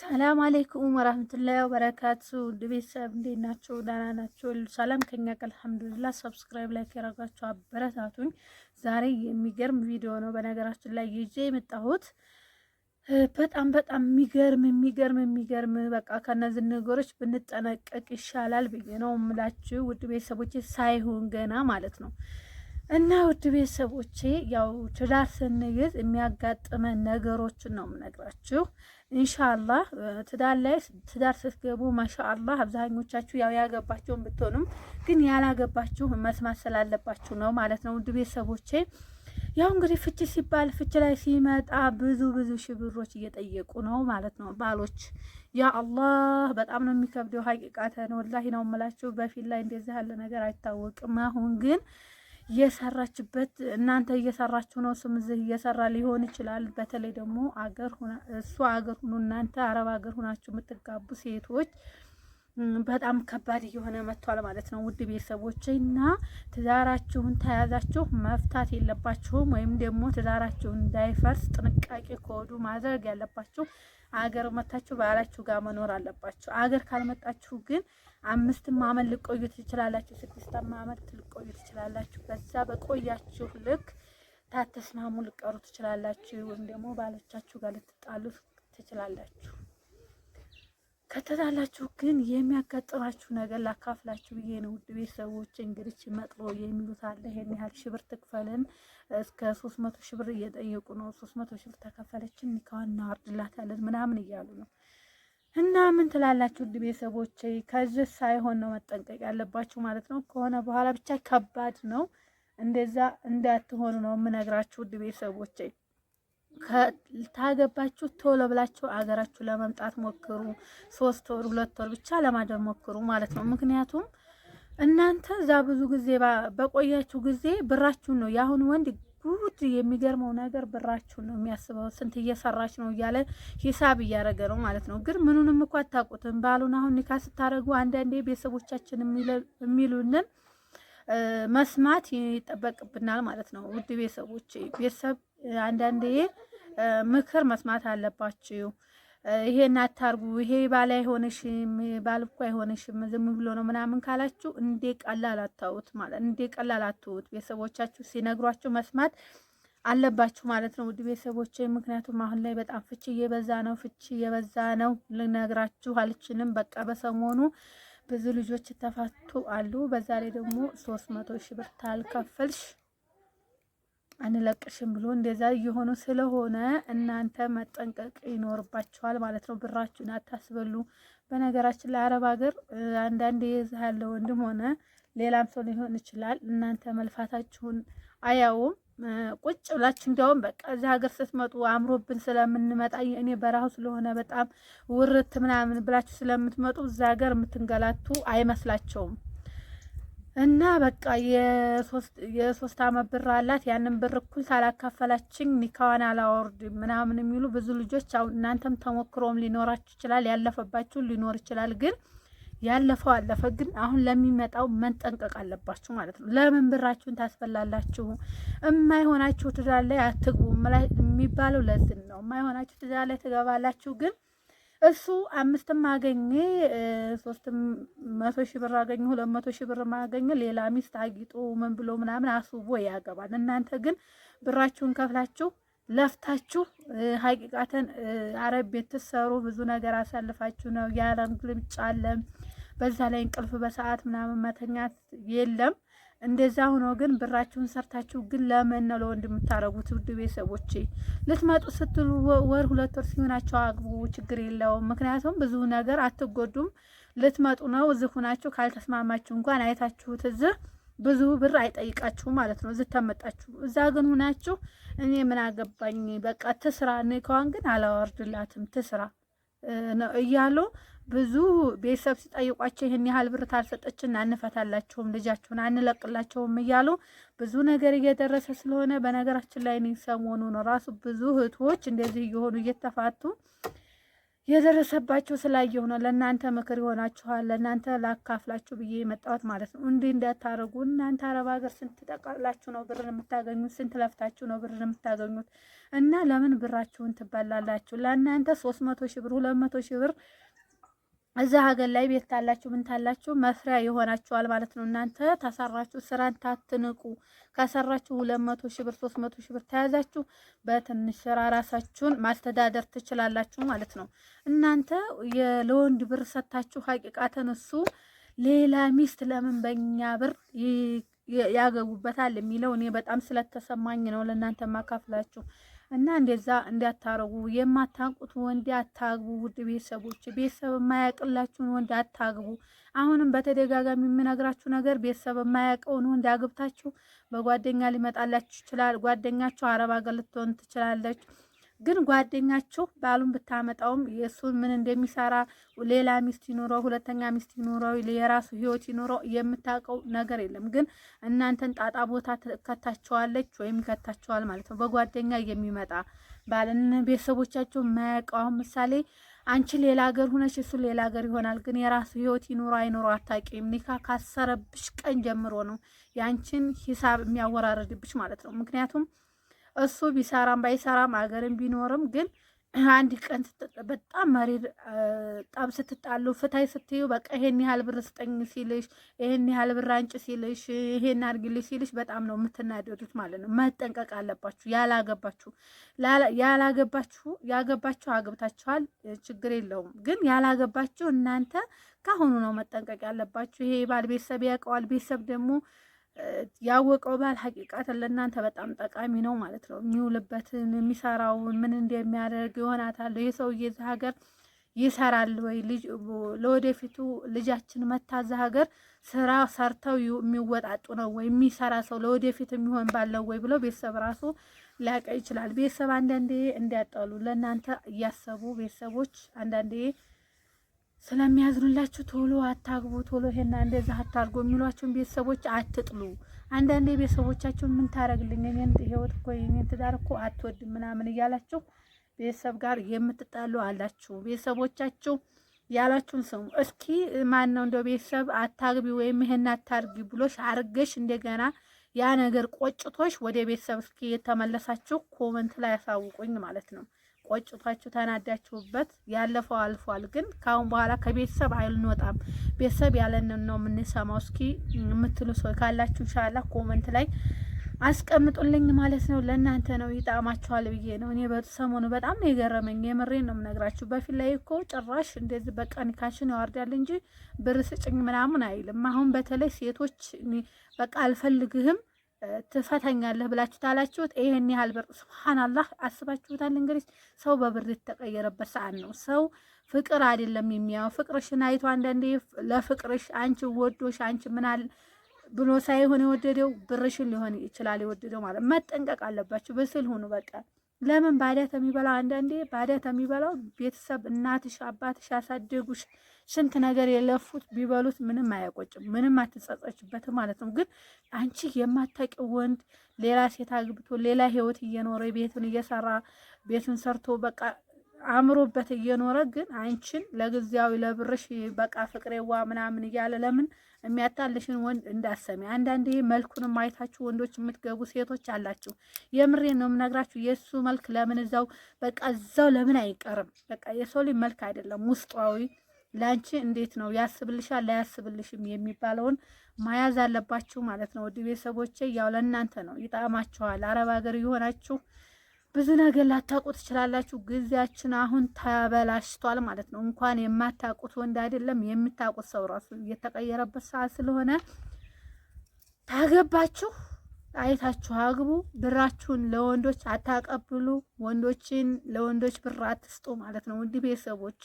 ሰላም አለይኩም ወራህመቱላሂ ወበረካቱ። ውድ ቤተሰብ እንዴት ናቸው? ደህና ሰላም ከኛ ጋር አልሐምዱሊላህ። ሰብስክራይብ ላይክ ያደረጋችሁ አበረታቱኝ። ዛሬ የሚገርም ቪዲዮ ነው በነገራችን ላይ ይዤ የመጣሁት በጣም በጣም የሚገርም የሚገርም የሚገርም በቃ ከነዚህ ነገሮች ብንጠነቀቅ ይሻላል ብዬ ነው የምላችሁ ውድ ቤተሰቦቼ፣ ሳይሆን ገና ማለት ነው እና ውድ ቤተሰቦቼ ያው ትዳር ስንይዝ የሚያጋጥመን ነገሮችን ነው የምነግራችሁ ኢንሻአላህ ትዳር ላይ ትዳር ስትገቡ ማሻአላህ አብዛኞቻችሁ ያው ያገባችሁም ብትሆኑም ግን ያላገባችሁ መስማት ስላለባችሁ ነው ማለት ነው። ውድ ቤተሰቦቼ ያው እንግዲህ ፍቺ ሲባል ፍቺ ላይ ሲመጣ ብዙ ብዙ ሺህ ብሮች እየጠየቁ ነው ማለት ነው ባሎች። ያ አላህ በጣም ነው የሚከብደው። ሀቂቃተን ወላሂ ነው የምላችሁ። በፊት ላይ እንደዚህ ያለ ነገር አይታወቅም። አሁን ግን የሰራችበት እናንተ እየሰራችሁ ነው። ስም እዚህ እየሰራ ሊሆን ይችላል። በተለይ ደግሞ አገር እሱ አገር ሁኑ እናንተ አረብ አገር ሁናችሁ የምትጋቡ ሴቶች በጣም ከባድ እየሆነ መጥቷል ማለት ነው። ውድ ቤተሰቦች እና ትዳራችሁን ተያዛችሁ መፍታት የለባችሁም ወይም ደግሞ ትዳራችሁን እንዳይፈርስ ጥንቃቄ ከወዱ ማድረግ ያለባችሁ አገር መታችሁ ባላችሁ ጋር መኖር አለባችሁ። አገር ካልመጣችሁ ግን አምስትም አመት ልቆዩ ትችላላችሁ፣ ስድስትም አመት ልቆዩ ትችላላችሁ። በዛ በቆያችሁ ልክ ታተስማሙ ልቀሩ ትችላላችሁ፣ ወይም ደግሞ ባሎቻችሁ ጋር ልትጣሉ ትችላላችሁ። ከተላላችሁ ግን የሚያጋጥማችሁ ነገር ላካፍላችሁ ብዬ ነው። ውድ ቤተሰቦች እንግዲህ መጥሎ የሚሉት አለ። ይሄን ያህል ሺህ ብር ትክፈልን እስከ ሶስት መቶ ሺህ ብር እየጠየቁ ነው። ሶስት መቶ ሺህ ብር ተከፈለችን ከዋና አወርድላታለን ምናምን እያሉ ነው። እና ምን ትላላችሁ ውድ ቤተሰቦች? ከዚህ ሳይሆን ነው መጠንቀቅ ያለባችሁ ማለት ነው። ከሆነ በኋላ ብቻ ከባድ ነው። እንደዛ እንዳትሆኑ ነው የምነግራችሁ ውድ ቤተሰቦቼ። ታገባችሁ ቶሎ ብላችሁ አገራችሁ ለመምጣት ሞክሩ። ሶስት ወር ሁለት ወር ብቻ ለማደር ሞክሩ ማለት ነው። ምክንያቱም እናንተ እዛ ብዙ ጊዜ በቆያችሁ ጊዜ ብራችሁን ነው የአሁኑ ወንድ ጉድ የሚገርመው ነገር ብራችሁን ነው የሚያስበው። ስንት እየሰራች ነው እያለ ሂሳብ እያደረገ ነው ማለት ነው። ግን ምኑንም እኮ አታውቁትም። ባሉን አሁን ኒካ ስታደረጉ አንዳንዴ ቤተሰቦቻችን የሚሉንን መስማት ይጠበቅብናል ማለት ነው። ውድ ቤተሰቦች ቤተሰብ አንዳንዴ ምክር መስማት አለባችሁ። ይሄ እናታርጉ ይሄ ባል አይሆንሽም፣ ባል እኮ አይሆንሽም፣ ዝም ብሎ ነው ምናምን ካላችሁ እንዴ ቀላል አታውት ማለት እንዴ ቀላል አትውት። ቤተሰቦቻችሁ ሲነግሯችሁ መስማት አለባችሁ ማለት ነው። ውድ ቤተሰቦች ምክንያቱም አሁን ላይ በጣም ፍቺ እየበዛ ነው፣ ፍቺ እየበዛ ነው። ልነግራችሁ አልችልም። በቃ በሰሞኑ ብዙ ልጆች ተፋቱ አሉ። በዛ ላይ ደግሞ ሶስት መቶ ሺህ ብር ታልከፈልሽ አንለቅሽም ብሎ እንደዛ እየሆኑ ስለሆነ እናንተ መጠንቀቅ ይኖርባችኋል ማለት ነው። ብራችሁን አታስበሉ። በነገራችን ላይ አረብ ሀገር አንዳንድ የዛህ ያለ ወንድም ሆነ ሌላም ሰው ሊሆን ይችላል። እናንተ መልፋታችሁን አያውም። ቁጭ ብላችሁ እንዲያውም በቃ እዚህ ሀገር ስትመጡ አምሮብን ስለምንመጣ እኔ በረሃው ስለሆነ በጣም ውርት ምናምን ብላችሁ ስለምትመጡ እዚህ ሀገር የምትንገላቱ አይመስላቸውም። እና በቃ የሶስት አመት ብር አላት ያንን ብር እኩል ታላካፈላችኝ ኒካዋን አላወርድ ምናምን የሚሉ ብዙ ልጆች እናንተም ተሞክሮም ሊኖራችሁ ይችላል፣ ያለፈባችሁ ሊኖር ይችላል ግን ያለፈው አለፈ፣ ግን አሁን ለሚመጣው መጠንቀቅ አለባችሁ ማለት ነው። ለምን ብራችሁን ታስፈላላችሁ? የማይሆናችሁ ትዳር ላይ አትግቡ የሚባለው ለዝን ነው። የማይሆናችሁ ትዳር ላይ ትገባላችሁ፣ ግን እሱ አምስትም አገኘ ሶስትም መቶ ሺ ብር አገኘ ሁለት መቶ ሺ ብር ማገኘ ሌላ ሚስት አጊጦ ምን ብሎ ምናምን አስቦ ያገባል። እናንተ ግን ብራችሁን ከፍላችሁ ለፍታችሁ ሀቂቃተን አረብ ቤት ትሰሩ ብዙ ነገር አሳልፋችሁ ነው። የዓለም ግልምጫ አለም። በዛ ላይ እንቅልፍ በሰዓት ምናምን መተኛት የለም። እንደዛ ሆኖ ግን ብራችሁን ሰርታችሁ ግን ለምን ነው ለወንድ የምታረጉት? ውድ ቤተሰቦቼ ልትመጡ ስትሉ ወር ሁለት ወር ሲሆናቸው አግቡ፣ ችግር የለውም። ምክንያቱም ብዙ ነገር አትጎዱም። ልትመጡ ነው። እዚህ ሁናችሁ ካልተስማማችሁ እንኳን አይታችሁት እዚህ ብዙ ብር አይጠይቃችሁ ማለት ነው። ዝተመጣችሁ እዛ ግን ሁናችሁ እኔ ምን አገባኝ በቃ ትስራ፣ ንካዋን ግን አላወርድላትም ትስራ ነው እያሉ ብዙ ቤተሰብ ሲጠይቋቸው ይህን ያህል ብር ታልሰጠችን አንፈታላችሁም፣ ልጃችሁን አንለቅላቸውም እያሉ ብዙ ነገር እየደረሰ ስለሆነ በነገራችን ላይ ሰሞኑን ራሱ ብዙ እህቶች እንደዚህ እየሆኑ እየተፋቱ የደረሰባቸው ስላየሁ ነው ለእናንተ ምክር ይሆናችኋል፣ ለእናንተ ላካፍላችሁ ብዬ የመጣሁት ማለት ነው። እንዲህ እንዳታረጉ እናንተ አረብ ሀገር ስንት ጠቃላችሁ ነው ብርን የምታገኙት? ስንት ለፍታችሁ ነው ብርን የምታገኙት? እና ለምን ብራችሁን ትበላላችሁ? ለእናንተ ሶስት መቶ ሺህ ብር ሁለት መቶ ሺህ ብር እዛ ሀገር ላይ ቤት ካላችሁ ምን ታላችሁ መፍሪያ ይሆናችኋል ማለት ነው። እናንተ ታሰራችሁ ስራን ታትንቁ። ካሰራችሁ ሁለት መቶ ሺህ ብር ሶስት መቶ ሺህ ብር ተያዛችሁ፣ በትንሽ ስራ ራሳችሁን ማስተዳደር ትችላላችሁ ማለት ነው። እናንተ ለወንድ ብር ሰታችሁ ሀቂቃ ተነሱ። ሌላ ሚስት ለምን በእኛ ብር ያገቡበታል የሚለው እኔ በጣም ስለተሰማኝ ነው ለእናንተ ማካፍላችሁ እና እንደዛ እንዳታረጉ፣ የማታውቁት ወንድ አታግቡ። ውድ ቤተሰቦች፣ ቤተሰብ የማያውቅላችሁን ወንድ አታግቡ። አሁንም በተደጋጋሚ የምነግራችሁ ነገር ቤተሰብ የማያውቀውን ወንድ አግብታችሁ በጓደኛ ሊመጣላችሁ ይችላል። ጓደኛችሁ አረብ አገር ልትሆን ትችላለች። ግን ጓደኛችሁ ባሉን ብታመጣውም የእሱን ምን እንደሚሰራ ሌላ ሚስት ይኑረው፣ ሁለተኛ ሚስት ይኑረው፣ የራሱ ህይወት ይኑረው የምታውቀው ነገር የለም። ግን እናንተን ጣጣ ቦታ ትከታቸዋለች ወይም ይከታቸዋል ማለት ነው። በጓደኛ የሚመጣ ባልን ቤተሰቦቻቸው ማያውቀው ምሳሌ አንቺ ሌላ ሀገር ሆነሽ እሱ ሌላ ሀገር ይሆናል። ግን የራሱ ህይወት ይኑሮ አይኑሮ አታውቂም። ኒካ ካሰረብሽ ቀን ጀምሮ ነው ያንቺን ሂሳብ የሚያወራረድብሽ ማለት ነው። ምክንያቱም እሱ ቢሰራም ባይሰራም አገርም ቢኖርም ግን አንድ ቀን በጣም መሪ ጣብ ስትጣሉ ፍታይ ስትዩ በቃ ይሄን ያህል ብር ስጠኝ ሲልሽ፣ ይሄን ያህል ብር አንጭ ሲልሽ፣ ይሄን አድርግልሽ ሲልሽ በጣም ነው የምትናደዱት ማለት ነው። መጠንቀቅ አለባችሁ። ያላገባችሁ ያላገባችሁ ያገባችሁ አግብታችኋል፣ ችግር የለውም። ግን ያላገባችሁ እናንተ ካሁኑ ነው መጠንቀቅ ያለባችሁ። ይሄ ባል ቤተሰብ ያውቀዋል። ቤተሰብ ደግሞ ያወቀው ባል ሀቂቃትን ለእናንተ በጣም ጠቃሚ ነው ማለት ነው። የሚውልበትን የሚሰራውን ምን እንደሚያደርግ ይሆናታል። ይህ ሰው እዚህ ሀገር ይሰራል ወይ ለወደፊቱ ልጃችን መታ ሀገር ስራ ሰርተው የሚወጣጡ ነው ወይ የሚሰራ ሰው ለወደፊት የሚሆን ባለው ወይ ብለው ቤተሰብ ራሱ ሊያቀ ይችላል። ቤተሰብ አንዳንዴ እንዲያጠሉ ለእናንተ እያሰቡ ቤተሰቦች አንዳንዴ ስለሚያዝኑላችሁ ቶሎ አታግቡ፣ ቶሎ ይሄና እንደዛ አታርጎ የሚሏቸውን ቤተሰቦች አትጥሉ። አንዳንዴ ቤተሰቦቻችሁን ምን ታረግልኝ የኔን ህይወት እኮ የኔን ትዳር እኮ አትወድ ምናምን እያላችሁ ቤተሰብ ጋር የምትጣሉ አላችሁ። ቤተሰቦቻችሁ ያላችሁን ስሙ። እስኪ ማን ነው እንደው ቤተሰብ አታግቢ ወይም ይሄን አታርጊ ብሎሽ አርገሽ እንደገና ያ ነገር ቆጭቶሽ ወደ ቤተሰብ እስኪ የተመለሳችሁ ኮመንት ላይ ያሳውቁኝ ማለት ነው። ቆጭቷችሁ ተናዳችሁበት ያለፈው አልፏል፣ ግን ከአሁን በኋላ ከቤተሰብ አይንወጣም፣ ቤተሰብ ያለንን ነው የምንሰማው እስኪ የምትሉ ሰው ካላችሁ ኢንሻላህ ኮመንት ላይ አስቀምጡልኝ ማለት ነው። ለእናንተ ነው ይጣማችኋል ብዬ ነው። እኔ ሰሞኑ በጣም የገረመኝ። የምሬን ነው የምነግራችሁ። በፊት ላይ እኮ ጭራሽ እንደዚህ በቀን ካሽን ያወርዳል እንጂ ብር ስጭኝ ምናምን አይልም። አሁን በተለይ ሴቶች በቃ አልፈልግህም ትፈተኛለህ ብላችሁ ታላችሁት ይሄን ያህል ብር ስብሓናላህ አስባችሁታል። እንግዲህ ሰው በብር የተቀየረበት ሰዓት ነው። ሰው ፍቅር አይደለም የሚያው ፍቅርሽን አይቶ አንዳንዴ ለፍቅርሽ አንቺ ወዶሽ አንቺ ምናል ብሎ ሳይሆን የወደደው ብርሽን ሊሆን ይችላል የወደደው ማለት መጠንቀቅ አለባቸው። ብስል ሁኑ በቃ። ለምን ባዳት የሚበላው አንዳንዴ ባዳት የሚበላው ቤተሰብ እናትሽ፣ አባትሽ ያሳደጉሽ ስንት ነገር የለፉት ቢበሉት ምንም አያቆጭም፣ ምንም አትጸጸችበትም ማለት ነው። ግን አንቺ የማታውቂው ወንድ ሌላ ሴት አግብቶ ሌላ ህይወት እየኖረ ቤቱን እየሰራ ቤቱን ሰርቶ በቃ አምሮበት እየኖረ ግን አንቺን ለጊዜያዊ ለብርሽ በቃ ፍቅሬዋ ምናምን እያለ ለምን የሚያታልሽን ወንድ እንዳሰሚ። አንዳንዴ መልኩንም አይታችሁ ወንዶች የምትገቡ ሴቶች አላችሁ። የምሬ ነው የምነግራችሁ። የእሱ መልክ ለምን እዛው በቃ እዛው ለምን አይቀርም? በቃ የሰው ልጅ መልክ አይደለም ውስጧዊ ለአንቺ እንዴት ነው ያስብልሻል ላያስብልሽም የሚባለውን መያዝ አለባችሁ ማለት ነው። ውድ ቤተሰቦቼ ያው ለእናንተ ነው፣ ይጣማችኋል። አረብ ሀገር የሆናችሁ ብዙ ነገር ላታውቁ ትችላላችሁ። ጊዜያችን አሁን ተበላሽቷል ማለት ነው። እንኳን የማታውቁት ወንድ አይደለም የምታውቁት ሰው ራሱ እየተቀየረበት ሰዓት ስለሆነ ታገባችሁ አይታችሁ አግቡ። ብራችሁን ለወንዶች አታቀብሉ። ወንዶችን ለወንዶች ብር አትስጡ ማለት ነው። ውድ ቤተሰቦች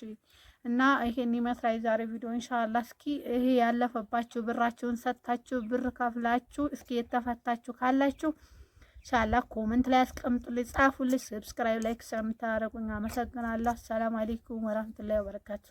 እና ይሄን ይመስላል የዛሬ ቪዲዮ ኢንሻአላ። እስኪ ይሄ ያለፈባችሁ ብራችሁን ሰጥታችሁ ብር ከፍላችሁ እስኪ የተፈታችሁ ካላችሁ ኢንሻአላህ ኮመንት ላይ አስቀምጡልኝ፣ ጻፉልኝ። ሰብስክራይብ፣ ላይክ ስለምታደርጉኝ አመሰግናለሁ። ሰላም አለይኩም ወራህመቱላሂ ወበረካቱ።